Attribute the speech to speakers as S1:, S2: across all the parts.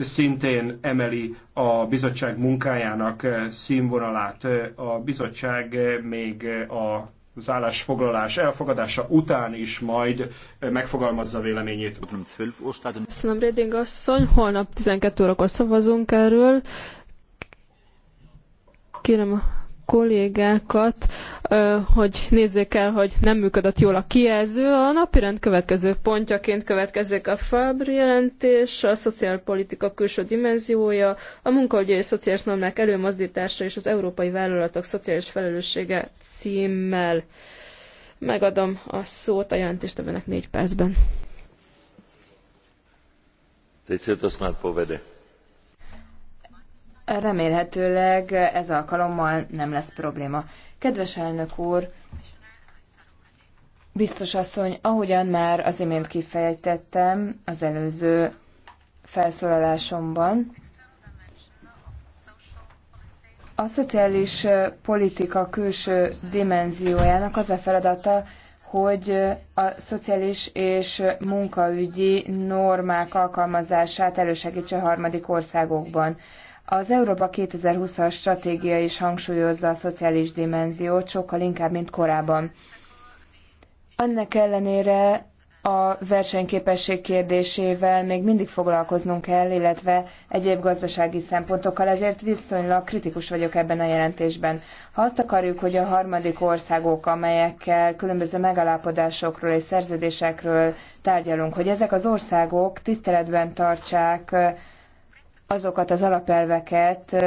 S1: szintén emeli a bizottság munkájának színvonalát. A bizottság még a az állásfoglalás elfogadása után is majd megfogalmazza véleményét. Köszönöm,
S2: Réding asszony. Holnap 12 órakor szavazunk erről. Kérem a kollégákat, hogy nézzék el, hogy nem működött jól a kijelző. A napirend következő pontjaként következik a FAB jelentés, a szociálpolitika külső dimenziója, a munkahogyi és szociális normák előmozdítása és az európai vállalatok szociális felelőssége címmel. Megadom a szót a jelentéstevőnek négy percben. Teď se to snad povede
S3: remélhetőleg ez alkalommal nem lesz probléma. Kedves elnök úr, biztos asszony, ahogyan már az imént kifejtettem az előző felszólalásomban, a szociális politika külső dimenziójának az a feladata, hogy a szociális és munkaügyi normák alkalmazását elősegítse harmadik országokban. Az Európa 2020-as stratégia is hangsúlyozza a szociális dimenziót sokkal inkább, mint korábban. Ennek ellenére a versenyképesség kérdésével még mindig foglalkoznunk kell, illetve egyéb gazdasági szempontokkal, ezért viszonylag kritikus vagyok ebben a jelentésben. Ha azt akarjuk, hogy a harmadik országok, amelyekkel különböző megalapodásokról és szerződésekről tárgyalunk, hogy ezek az országok tiszteletben tartsák azokat az alapelveket,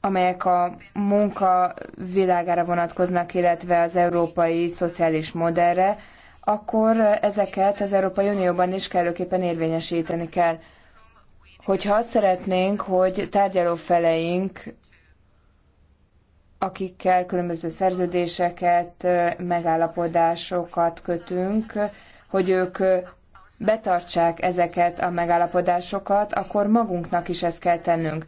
S3: amelyek a munka világára vonatkoznak, illetve az európai szociális modellre, akkor ezeket az Európai Unióban is kellőképpen érvényesíteni kell. Hogyha azt szeretnénk, hogy tárgyalófeleink, akikkel különböző szerződéseket, megállapodásokat kötünk, hogy ők betartsák ezeket a megállapodásokat, akkor magunknak is ezt kell tennünk.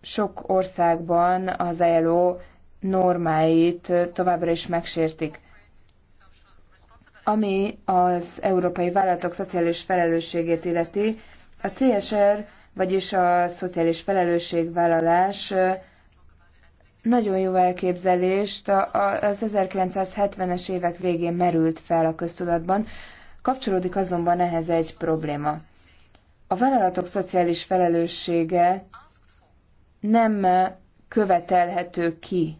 S3: Sok országban az ILO normáit továbbra is megsértik. Ami az európai vállalatok szociális felelősségét illeti, a CSR, vagyis a szociális felelősségvállalás nagyon jó elképzelést az 1970-es évek végén merült fel a köztudatban, kapcsolódik azonban ehhez egy probléma. A vállalatok szociális felelőssége nem követelhető ki.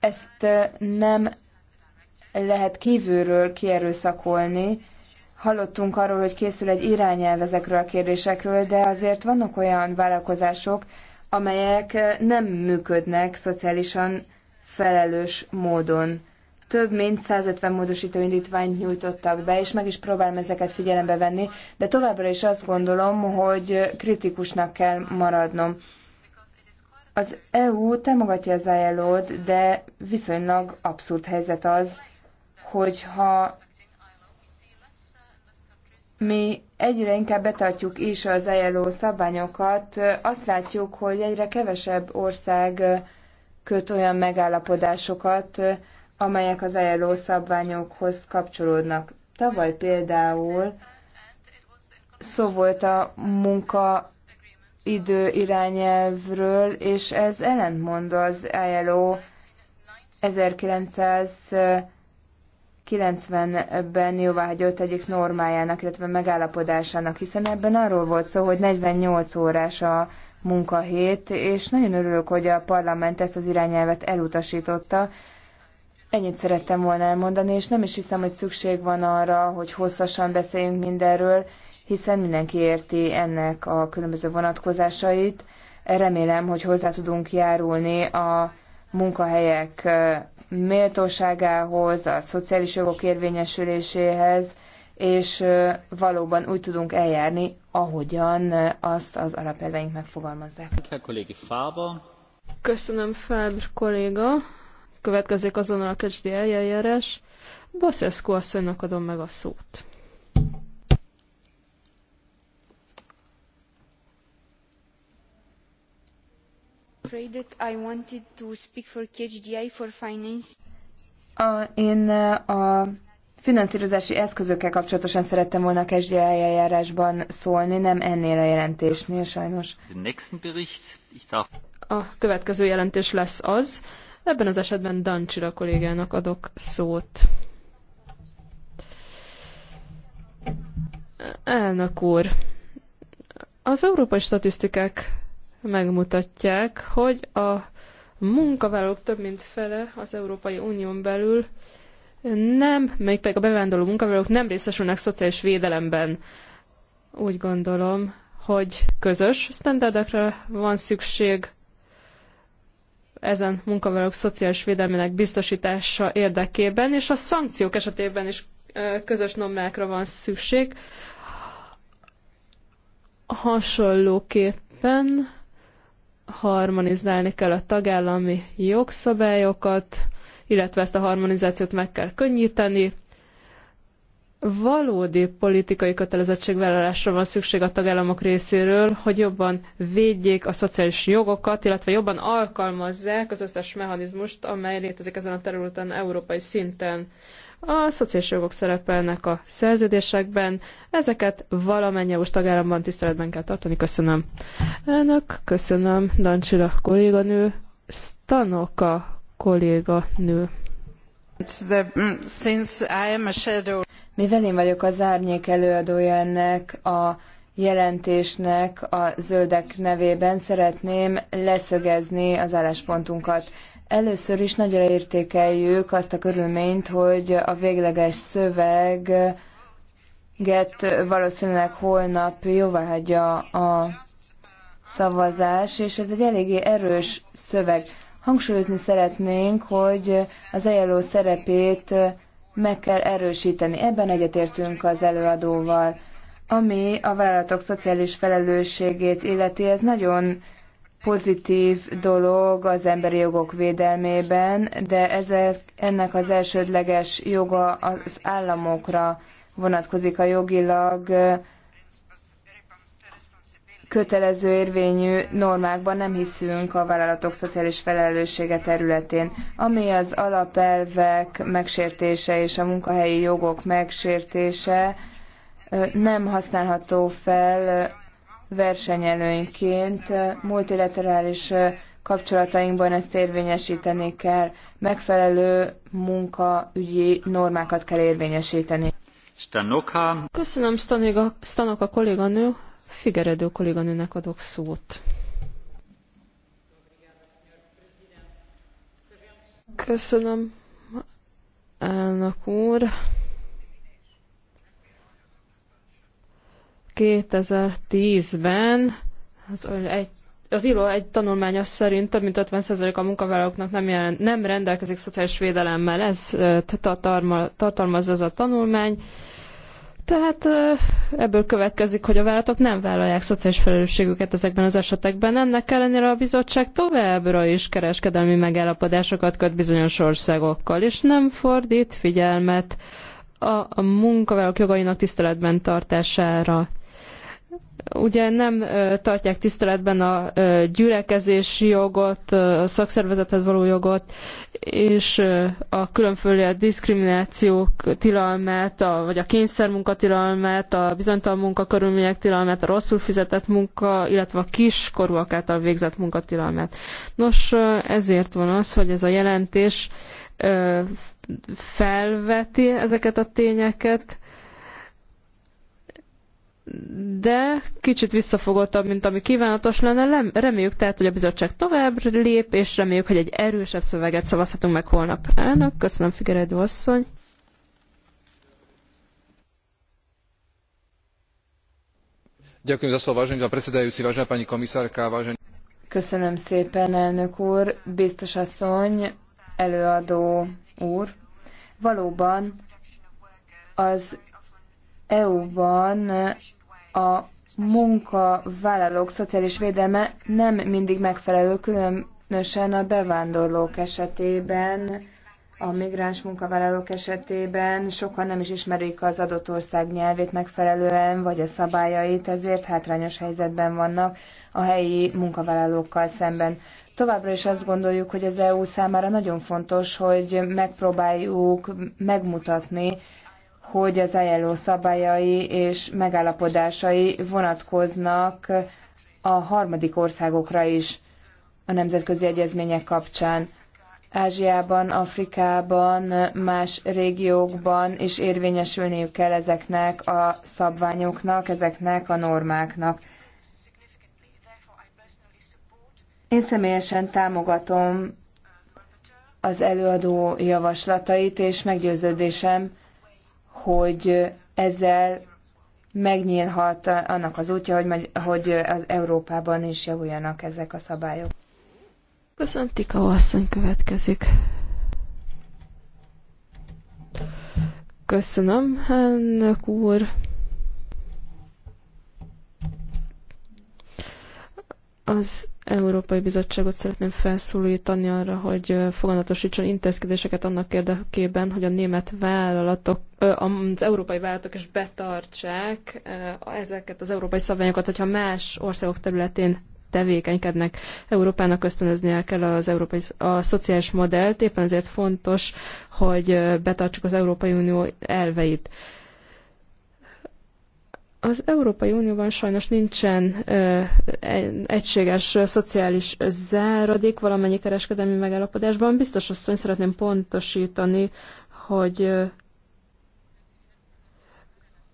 S3: Ezt nem lehet kívülről kierőszakolni, Hallottunk arról, hogy készül egy irányelv ezekről a kérdésekről, de azért vannak olyan vállalkozások, amelyek nem működnek szociálisan felelős módon. Több mint 150 módosító indítványt nyújtottak be, és meg is próbálom ezeket figyelembe venni, de továbbra is azt gondolom, hogy kritikusnak kell maradnom. Az EU támogatja az ilo de viszonylag abszurd helyzet az, hogyha mi egyre inkább betartjuk is az ILO szabványokat, azt látjuk, hogy egyre kevesebb ország köt olyan megállapodásokat, amelyek az ILO szabványokhoz kapcsolódnak. Tavaly például szó volt a idő irányelvről, és ez ellentmond az ILO 1900 90-ben jóváhagyott egyik normájának, illetve megállapodásának, hiszen ebben arról volt szó, hogy 48 órás a munkahét, és nagyon örülök, hogy a parlament ezt az irányelvet elutasította. Ennyit szerettem volna elmondani, és nem is hiszem, hogy szükség van arra, hogy hosszasan beszéljünk mindenről, hiszen mindenki érti ennek a különböző vonatkozásait. Remélem, hogy hozzá tudunk járulni a munkahelyek méltóságához, a szociális jogok érvényesüléséhez, és valóban úgy tudunk eljárni,
S2: ahogyan azt az alapelveink megfogalmazzák. Köszönöm, Fábr kolléga. Következik azonnal a kezdi eljárás. Baszeszko asszonynak adom meg a szót.
S3: afraid that I wanted to speak for KHDI for A, én a finanszírozási eszközökkel kapcsolatosan szerettem volna a KSDI eljárásban szólni,
S2: nem ennél a jelentésnél sajnos. A következő jelentés lesz az. Ebben az esetben Dancsira kollégának adok szót. Elnök úr, az európai statisztikák megmutatják, hogy a munkavállalók több mint fele az Európai Unión belül nem, még pedig a bevándorló munkavállalók nem részesülnek szociális védelemben. Úgy gondolom, hogy közös sztenderdekre van szükség ezen munkavállalók szociális védelmének biztosítása érdekében, és a szankciók esetében is közös normákra van szükség. Hasonlóképpen harmonizálni kell a tagállami jogszabályokat, illetve ezt a harmonizációt meg kell könnyíteni. Valódi politikai kötelezettségvállalásra van szükség a tagállamok részéről, hogy jobban védjék a szociális jogokat, illetve jobban alkalmazzák az összes mechanizmust, amely létezik ezen a területen európai szinten. A szociális jogok szerepelnek a szerződésekben, ezeket valamennyi EU tagállamban tiszteletben kell tartani. Köszönöm. Elnök, köszönöm, Dancsila kolléganő, Stanoka kolléganő. Mm,
S3: Mivel én vagyok az árnyék előadója ennek a jelentésnek a zöldek nevében, szeretném leszögezni az álláspontunkat. Először is nagyra értékeljük azt a körülményt, hogy a végleges szöveg Get valószínűleg holnap jóváhagyja a szavazás, és ez egy eléggé erős szöveg. Hangsúlyozni szeretnénk, hogy az ajánló szerepét meg kell erősíteni. Ebben egyetértünk az előadóval. Ami a vállalatok szociális felelősségét illeti, ez nagyon pozitív dolog az emberi jogok védelmében, de ezek, ennek az elsődleges joga az államokra vonatkozik a jogilag kötelező érvényű normákban nem hiszünk a vállalatok szociális felelőssége területén, ami az alapelvek megsértése és a munkahelyi jogok megsértése nem használható fel versenyelőnyként. Multilaterális kapcsolatainkban ezt érvényesíteni kell, megfelelő munkaügyi normákat
S2: kell érvényesíteni. Stanoka. Köszönöm Stanoka, Stanoka kolléganő, Figeredő kolléganőnek adok szót. Köszönöm, elnök úr. 2010-ben az, egy, az ILO egy tanulmánya szerint több mint 50% a munkavállalóknak nem, jelen, nem rendelkezik szociális védelemmel. Ez tartalmaz ez a tanulmány. Tehát ebből következik, hogy a vállalatok nem vállalják szociális felelősségüket ezekben az esetekben. Ennek ellenére a bizottság továbbra is kereskedelmi megállapodásokat köt bizonyos országokkal, és nem fordít figyelmet a munkavállalók jogainak tiszteletben tartására ugye nem tartják tiszteletben a gyülekezési jogot, a szakszervezethez való jogot, és a különféle diszkriminációk tilalmát, a, vagy a kényszermunka tilalmát, a bizonytalan munkakörülmények tilalmát, a rosszul fizetett munka, illetve a kiskorúak által végzett munka tilalmát. Nos, ezért van az, hogy ez a jelentés felveti ezeket a tényeket, de kicsit visszafogottabb, mint ami kívánatos lenne. Reméljük tehát, hogy a bizottság tovább lép, és reméljük, hogy egy erősebb szöveget szavazhatunk meg holnap. Elnök, köszönöm Figueredo asszony.
S3: Köszönöm szépen, elnök úr, biztos asszony, előadó úr. Valóban az EU-ban a munkavállalók szociális védelme nem mindig megfelelő, különösen a bevándorlók esetében, a migráns munkavállalók esetében sokan nem is ismerik az adott ország nyelvét megfelelően, vagy a szabályait, ezért hátrányos helyzetben vannak a helyi munkavállalókkal szemben. Továbbra is azt gondoljuk, hogy az EU számára nagyon fontos, hogy megpróbáljuk megmutatni hogy az ILO szabályai és megállapodásai vonatkoznak a harmadik országokra is a nemzetközi egyezmények kapcsán. Ázsiában, Afrikában, más régiókban is érvényesülniük kell ezeknek a szabványoknak, ezeknek a normáknak. Én személyesen támogatom az előadó javaslatait, és meggyőződésem, hogy ezzel megnyílhat annak az útja, hogy, hogy az Európában is javuljanak ezek a szabályok.
S2: Köszönöm, Tika asszony következik. Köszönöm, elnök úr. Az Európai Bizottságot szeretném felszólítani arra, hogy foganatosítson intézkedéseket annak érdekében, hogy a német vállalatok, az európai vállalatok is betartsák ezeket az európai szabványokat, hogyha más országok területén tevékenykednek. Európának ösztönöznie kell az európai a szociális modellt, éppen ezért fontos, hogy betartsuk az Európai Unió elveit. Az Európai Unióban sajnos nincsen ö, e, egységes szociális záradék valamennyi kereskedelmi megállapodásban. Biztos asszony szeretném pontosítani, hogy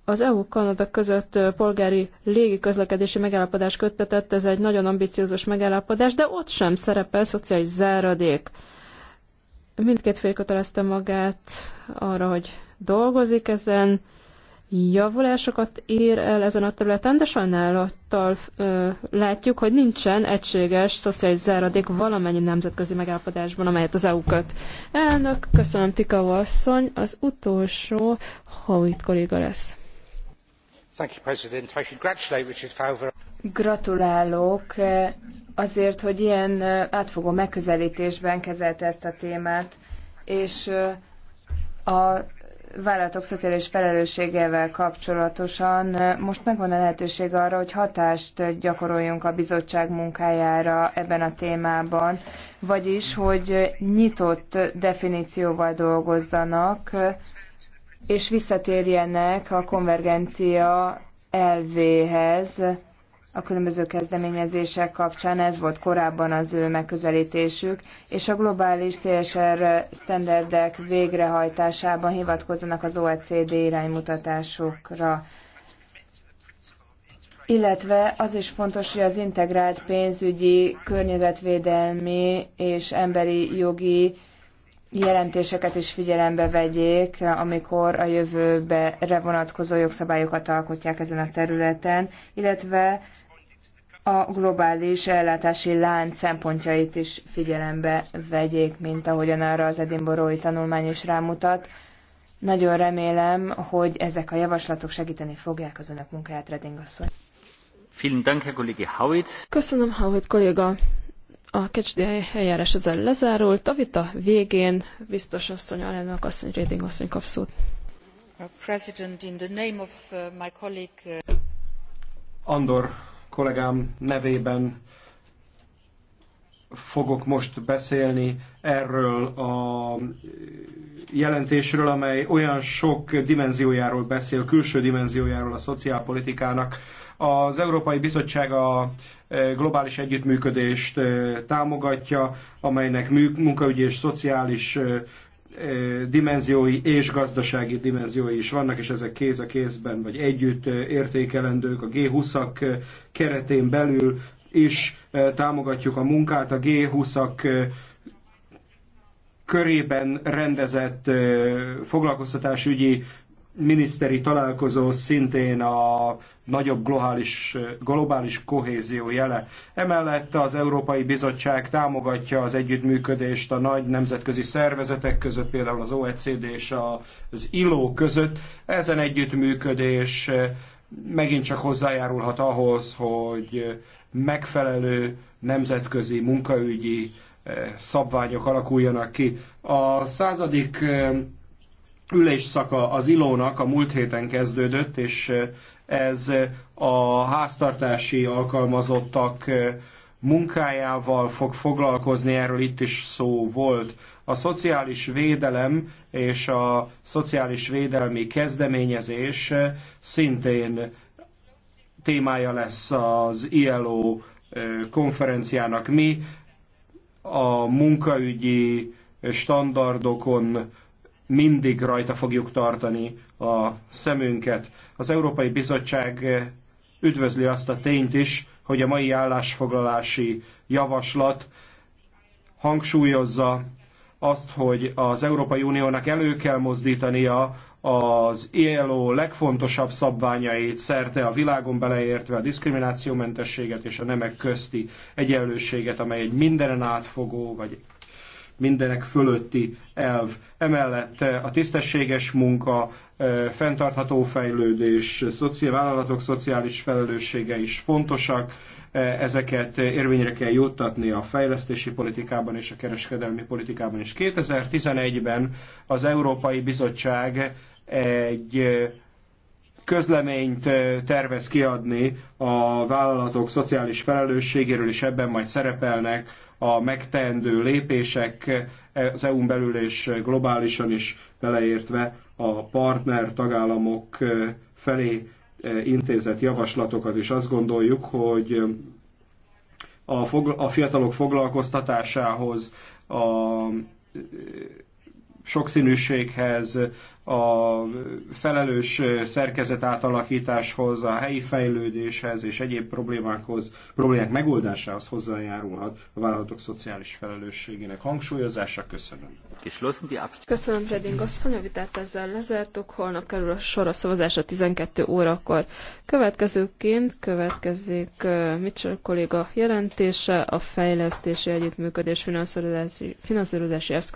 S2: az EU-Kanada között polgári légiközlekedési megállapodás köttetett, ez egy nagyon ambiciózus megállapodás, de ott sem szerepel szociális záradék. Mindkét fél kötelezte magát arra, hogy dolgozik ezen, javulásokat ér el ezen a területen, de sajnálattal ö, látjuk, hogy nincsen egységes szociális záradék valamennyi nemzetközi megállapodásban, amelyet az EU köt. Elnök, köszönöm Tika Vasszony, az utolsó Hovit kolléga lesz.
S3: Gratulálok azért, hogy ilyen átfogó megközelítésben kezelte ezt a témát, és a vállalatok szociális felelősségével kapcsolatosan most megvan a lehetőség arra, hogy hatást gyakoroljunk a bizottság munkájára ebben a témában, vagyis, hogy nyitott definícióval dolgozzanak, és visszatérjenek a konvergencia elvéhez, a különböző kezdeményezések kapcsán, ez volt korábban az ő megközelítésük, és a globális CSR standardek végrehajtásában hivatkozzanak az OECD iránymutatásokra. Illetve az is fontos, hogy az integrált pénzügyi, környezetvédelmi és emberi jogi jelentéseket is figyelembe vegyék, amikor a jövőbe vonatkozó jogszabályokat alkotják ezen a területen, illetve a globális ellátási lánc szempontjait is figyelembe vegyék, mint ahogyan arra az edinborói tanulmány is rámutat. Nagyon remélem, hogy ezek a javaslatok segíteni fogják az önök munkáját, Reding asszony.
S2: Köszönöm, Howitt kolléga. A kecsdi eh, eljárás ezzel lezárult. A vita végén biztos asszony, alelnök asszony, Réding asszony kap szót.
S3: Uh, uh, uh,
S1: Andor kollégám nevében fogok most beszélni erről a jelentésről, amely olyan sok dimenziójáról beszél, külső dimenziójáról a szociálpolitikának. Az Európai Bizottság a e, globális együttműködést e, támogatja, amelynek munkaügyi és szociális e, dimenziói és gazdasági dimenziói is vannak, és ezek kéz a kézben vagy együtt értékelendők a G20-ak keretén belül is eh, támogatjuk a munkát, a G20-ak eh, körében rendezett eh, foglalkoztatásügyi miniszteri találkozó szintén a nagyobb globális, globális kohézió jele. Emellett az Európai Bizottság támogatja az együttműködést a nagy nemzetközi szervezetek között, például az OECD és az ILO között. Ezen együttműködés megint csak hozzájárulhat ahhoz, hogy megfelelő nemzetközi munkaügyi eh, szabványok alakuljanak ki. A századik eh, ülésszaka az ilónak a múlt héten kezdődött, és eh, ez a háztartási alkalmazottak munkájával fog foglalkozni, erről itt is szó volt. A szociális védelem és a szociális védelmi kezdeményezés szintén témája lesz az ILO konferenciának. Mi a munkaügyi standardokon mindig rajta fogjuk tartani a szemünket. Az Európai Bizottság üdvözli azt a tényt is, hogy a mai állásfoglalási javaslat hangsúlyozza azt, hogy az Európai Uniónak elő kell mozdítania az ILO legfontosabb szabványait szerte a világon beleértve a diszkriminációmentességet és a nemek közti egyenlőséget, amely egy mindenen átfogó, vagy mindenek fölötti elv. Emellett eh, a tisztességes munka, eh, fenntartható fejlődés, vállalatok szociális felelőssége is fontosak, eh, ezeket érvényre kell juttatni a fejlesztési politikában és a kereskedelmi politikában is. 2011-ben az Európai Bizottság egy közleményt tervez kiadni a vállalatok szociális felelősségéről, és ebben majd szerepelnek a megteendő lépések az EU-n belül és globálisan is beleértve a partner tagállamok felé intézett javaslatokat, és azt gondoljuk, hogy a, fiatalok foglalkoztatásához a sokszínűséghez, a felelős szerkezet átalakításhoz, a helyi fejlődéshez és egyéb problémákhoz, problémák megoldásához hozzájárulhat a vállalatok szociális felelősségének hangsúlyozása. Köszönöm.
S2: Köszönöm, Reding asszony, a vitát ezzel lezártuk. Holnap kerül a sor a szavazásra 12 órakor. Következőként következik Mitchell kolléga jelentése a fejlesztési együttműködés finanszírozási, finanszírozási eszköz.